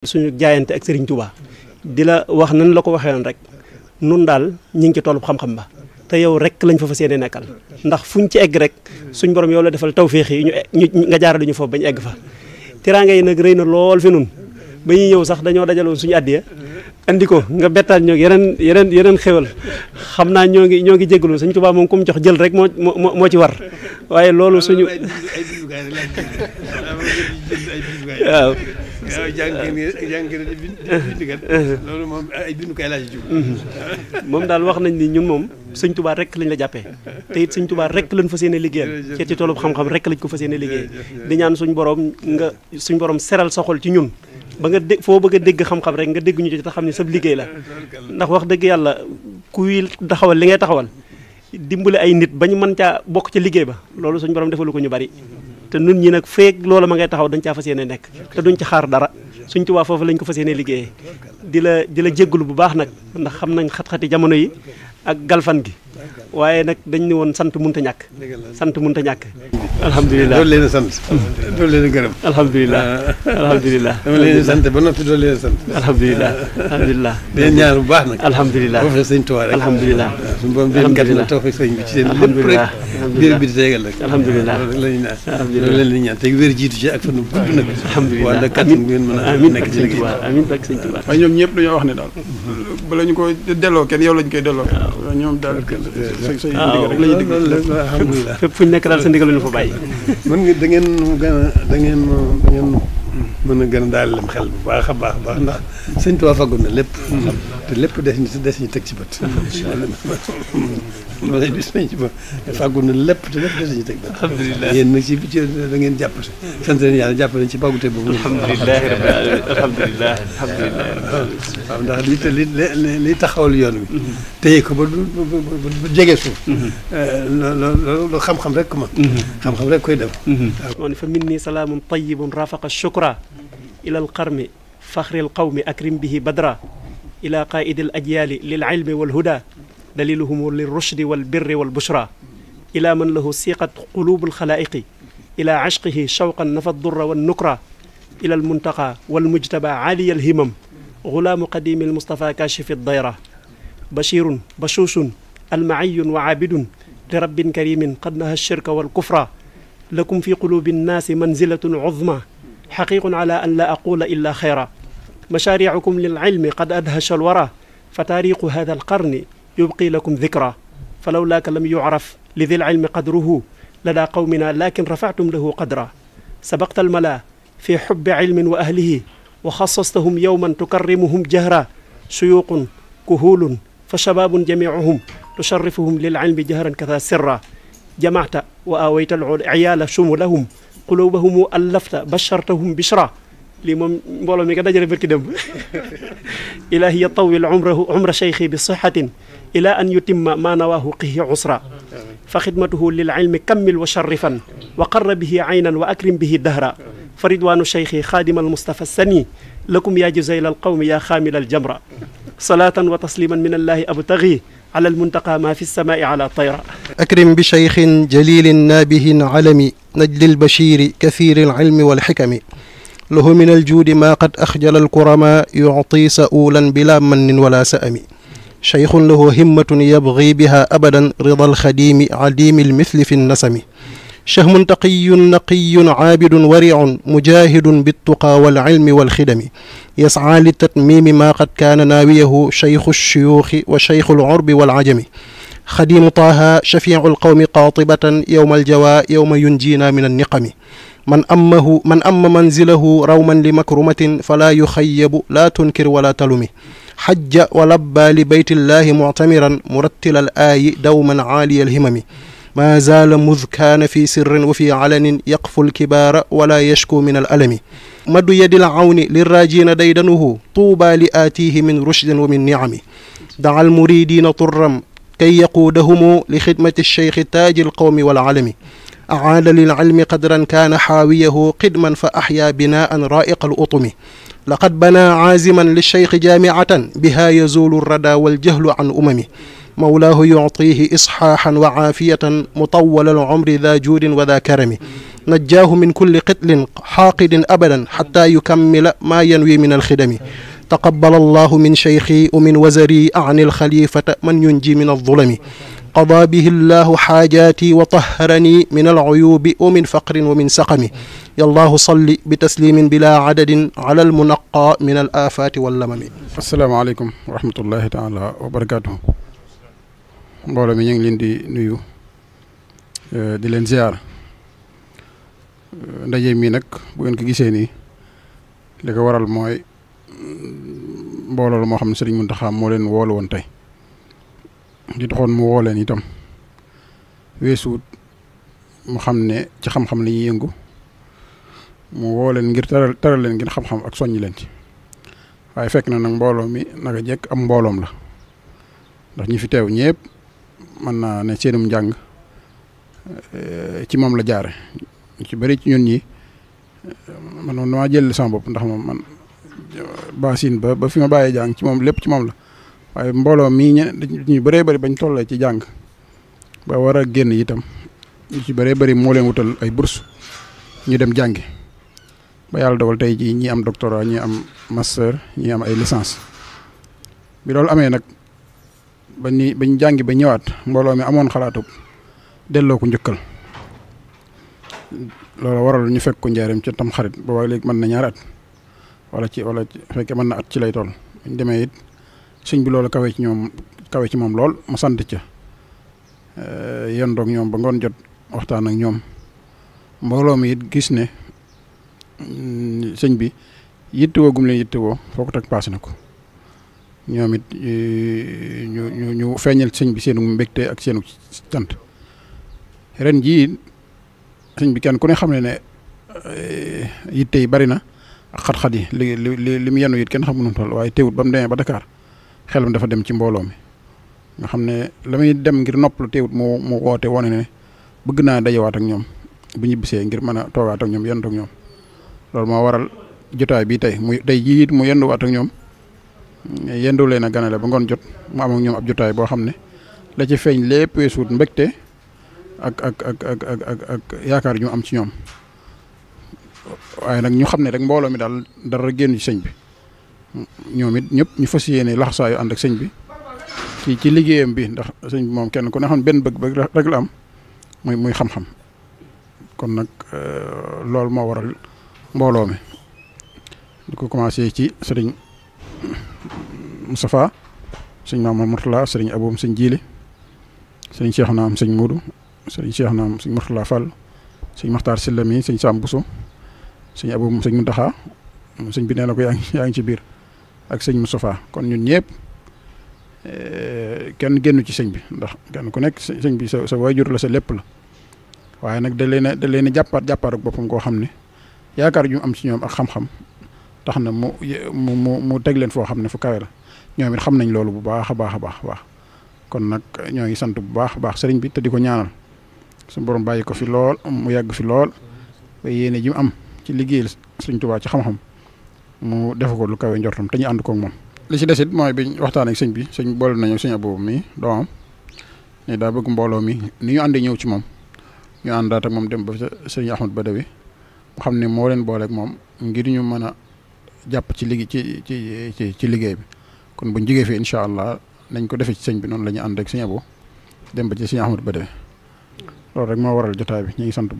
suñu jaayante ak Serigne Touba di la wax nan la ko waxee woon rek nun daal ñu ngi ci tollub xam-xam ba te yow rek lañ fa fas yéene nekkal ndax fuñ ci egg rek suñ borom yow la defal tawféex yi ñu e-, nga jaarale ñu foofu bañ egg fa. tiraanga yi nag rëy na lool fi nun ba ñu ñëw sax dañoo dajaloon suñu addiya indi ko nga bettaat ñoo yeneen yeneen yeneen xéwal xam naa ñoo ngi ñoo ngi jégalu Sëñ Tuubaa moom ku mu jox jël rek moo moo moo ci war waaye loolu suñu waaw waaw ah, jàngeen jàngeen bindikat loolu moom ah, ay bindukaay laa moom daal wax nañ ni ñun moom sëñ tubaa rek lañ la jàppee te it sëñ tubaa rek lañ fas yéene liggéeyal ci ci toolub xam-xam rek lañ ko fa yéene liggéey di ñaan suñ borom nga suñ borom seral sa xol ci ñun ba nga dé foo bëgg a dégg xam-xam rek nga dégg ñu ci te xam ne sab liggéey la ndax wax dëgg yàlla kuy taxawal li ngay taxawal dimbale ay nit ba ñu mën ca bokk ca liggéey ba loolu suñ borom defalu ko ñu bari te nun ñi nag feek loola ma ngay taxaw dañ caa fas yéene nekk te duñ ci xaar dara suñ tubaa foofu lañ ko fa yéene liggéeyee di la di la jéggulu bu baax nag ndax xam nañ xat-xati jamono yi ak galfan gi waaye nag dañ ne woon sant mënut a ñàkk. sant mënut a ñàkk. alhamdulilah doon leen a sant. doon leen a gërëm. alhamdulilah alhamdulilah. dama leen di sant ba noppi doon leen a sant. alhamdulilah alhamdulilah. dinañ ñaar bu baax nag. alhamdulilah boo la ah, ñuy naan. loolu leen di ñaan te wér jiitu ci ak fan bu gudd nag. alhamdulilah wala kattan ngeen mën a nekk ci liggéey amiin ak sëñ Tuubaa ñu ko alhamdulilah fépp fu ñu nekk daal sa ndigal ñu fa bàyyi. mën nga da ngeen gën a da ngeen da mën a gën a daal lam xel bu baax a baax baax ndax sëñ Tuubaa faggoon na lépp. te lépp des ñu des ñu teg si bët. loolu bis nañ ci ba fàggu na lépp te lépp des ñu teg nag alhamdulilah yéen nag ci bi ci da ngeen jàpp si sant leen yàlla jàpp nañ ci fàggute boobu alhamdulilah alhamdulilah waaw ndax li li li taxawal yoon wi téye ko ba du jege suuf loolu xam-xam rek ma xam-xam rek koy def man fa minni salaamun tayyibun rafaqa shukra ila alqarmi faxri alqawmi akrim bihi badra ila qaidi al ajyali lil ilmi wal huda دليلهم للرشد والبر والبشرى إلى من له سيقة قلوب الخلائق إلى عشقه شوقا نفى الضر والنكرى إلى المنتقى والمجتبى عالي الهمم غلام قديم المصطفى كاشف الضيرة بشير بشوش المعي وعابد لرب كريم قد نهى الشرك والكفر لكم في قلوب الناس منزلة عظمى حقيق على أن لا أقول إلا خيرا مشاريعكم للعلم قد أدهش الورى فتاريخ هذا القرن يبقي لكم ذكرى فلولاك لم يعرف لذي العلم قدره لدى قومنا لكن رفعتم له قدرا سبقت الملا في حب علم وأهله وخصصتهم يوما تكرمهم جهرا شيوق كهول فشباب جميعهم تشرفهم للعلم جهرا كذا سرا جمعت وآويت العيال شملهم قلوبهم ألفت بشرتهم بشرا لي موم مبولو مي كداجي ربي كدم الهي يطول عمره عمر شيخي بصحه الى ان يتم ما نواه قه عسرا فخدمته للعلم كمل وشرفا وقر به عينا واكرم به دهرا فرضوان شيخي خادم المصطفى السني لكم يا جزيل القوم يا خامل الجمره صلاة وتسليما من الله أبتغي على المنتقى ما في السماء على طيرا أكرم بشيخ جليل نابه علمي نجل البشير كثير العلم والحكم له من الجود ما قد أخجل الكرماء يعطي سؤولا بلا من ولا سأم شيخ له همة يبغي بها أبدا رضا الخديم عديم المثل في النسم شهم تقي نقي عابد ورع مجاهد بالتقى والعلم والخدم يسعى للتتميم ما قد كان ناويه شيخ الشيوخ وشيخ العرب والعجم خديم طه شفيع القوم قاطبة يوم الجواء يوم ينجينا من النقم من أمه من أم منزله روما لمكرمة فلا يخيب لا تنكر ولا تلمه حج ولبى لبيت الله معتمرا مرتل الآي دوما عالي الهمم ما زال مذ كان في سر وفي علن يقف الكبار ولا يشكو من الألم مد يد العون للراجين ديدنه طوبى لآتيه من رشد ومن نعم دعا المريدين طرا كي يقودهم لخدمة الشيخ تاج القوم والعلم أعاد للعلم قدرا كان حاويه قدما فأحيا بناء رائق الأطم لقد بنى عازما للشيخ جامعة بها يزول الردى والجهل عن أممه مولاه يعطيه إصحاحا وعافية مطول العمر ذا جود وذا كرم نجاه من كل قتل حاقد أبدا حتى يكمل ما ينوي من الخدم تقبل الله من شيخي ومن وزري أعني الخليفة من ينجي من الظلم قضى به الله حاجاتي وطهرني من العيوب ومن فقر ومن سقم يا الله صل بتسليم بلا عدد على المنقى من الآفات واللمم السلام عليكم ورحمة الله تعالى وبركاته mbooloo من ينجل دي نيو آه، دي لنزيار آه، نجي leen بوينك جيسيني لك ورال موي mbooloo moo xam ne Serigne Mountakha moo leen woolu woon tey di taxoon mu wooleen leen itam weesuut mu xam ne ci xam-xam la ñuy yëngu mu woo leen ngir teral taral leen ngir xam-xam ak soññi leen ci waaye fekk na nag mbooloo mi naka jekk am mbooloom la ndax ñi fi teew ñëpp mën naa ne seenum njàng eh, ci moom la jaare ci bëri ci ñun ñi eh, man man maa jël sama ndax moom man. basin ba ba fi ma baye jang ci moom lepp ci moom la waye mbolo mi ñe ñu bëré bëri bañ tollee ci jang ba wara a itam ñu ci bëré bëri mo leen wutal ay bourse ñu dem jangé ba yalla dogal tay ji ñi am doctorat ñi am master ñi am ay licence bi lol amé nak ba ni bañ jangé ba ñëwaat mbolo mi amon xalaatu delo ko ñëkkal loolu waral ñu fekk ko njaareem ci tam xarit booba leg man na ñaarat wala ci wala fekkee mën na at ci lay toll ñu demee it sëñ bi loolu kawe ci ñoom kawe ci moom lool ma sant ca eh, yendoog ñoom ba ngoon jot waxtaan ak ñoom mbooloo mi it gis ne mm, sëñ bi yittewoo gum leen yittewoo foo ko teg paase na ko ñoom it eh, ñu ñu ñu feeñal sëñ bi seenu mbégte ak seenu cant ren jii sëñ bi kenn ku ne xam ne ne eh, yitte yi bari na xat-xat yi li li li mu yenu it kenn xamu nu toll waaye teewut ba mu demee ba Dakar xelam dafa dem ci mbooloo mi nga xam ne la muy dem ngir noppalu teewut mu mu woote wane ne bëgg naa dajewaat ak ñoom bu ñibbisee ngir mën a toogaat ak ñoom yendu ak ñoom loolu moo waral jotaay bi tey muy tey jii it mu yenduwaat ak ñoom yendu leen a ganale ba ngoon jot mu am ak ñoom ab jotaay boo xam ne la ci feeñ lépp weesuut mbégte ak ak ak ak ak ak yaakaar ñu am ci ñoom waaye nag ñu xam ne rek mbooloo mi daal dara génn ci sëñ bi ñoom it ñëpp ñu fas yéene laxasaayu ànd ak sëñ bi ci ci liggéeyam bi ndax sëñ bi moom kenn ku ne xam benn bëgg-bëgg rek la am muy muy xam-xam kon nag euh, loolu moo waral mbooloo mi di ko commencé ci sëriñ Moustapha sëñ Maam Mourtala sëriñ Aboum sëñ Jiili sëriñ na am sëñ Moodu sëriñ Cheikh Naam sëñ Mourtala Fall sëñ Maxtaar Silla mi sëñ saam buso sëñ abu sëñ muntaxa sëñ bi nee na yang ci ak sëñ Moustapha kon ñun yep, eh, kenn génnu ci sëñ bi ndax kenn ku nek sëñ bi sa sa waajur la sa lépp la waaye nag da leen da ak am ci ham ak xam-xam mu mu mu mu teg leen fo xam ne fu kawe la bah it xam nañ loolu bu baax baax kon nak ñoo ngi sant bu baax a baax bi te di ko ñaanal su borom bàyyi ko fi lool mu fi lool am. liggéey suñ Sëriñ Tuubaa ci xam-xam mu def ko lu kawe njortam te ànd koog moom. li si desit mooy bi waxtaan ak sëñ bi sëñ boole nañu sëñ Abou mi doomam ne daa bëgg mbooloo mi ni ñu àndee ñëw ci moom ñu ànd ak moom dem ba sëñ Ahmad Badawi mu xam ne moo leen booleeg moom ngir ñu mën a jàpp ci liggéey ci ci ci ci liggéey bi kon buñ jigee fi incha allah nañ ko defee ci sëñ bi noonu la ñu ànd ak sëñ Abou dem ba ci sëñ Ahmad Badawi loolu rek moo waral jotaay bi ñu ngi sant.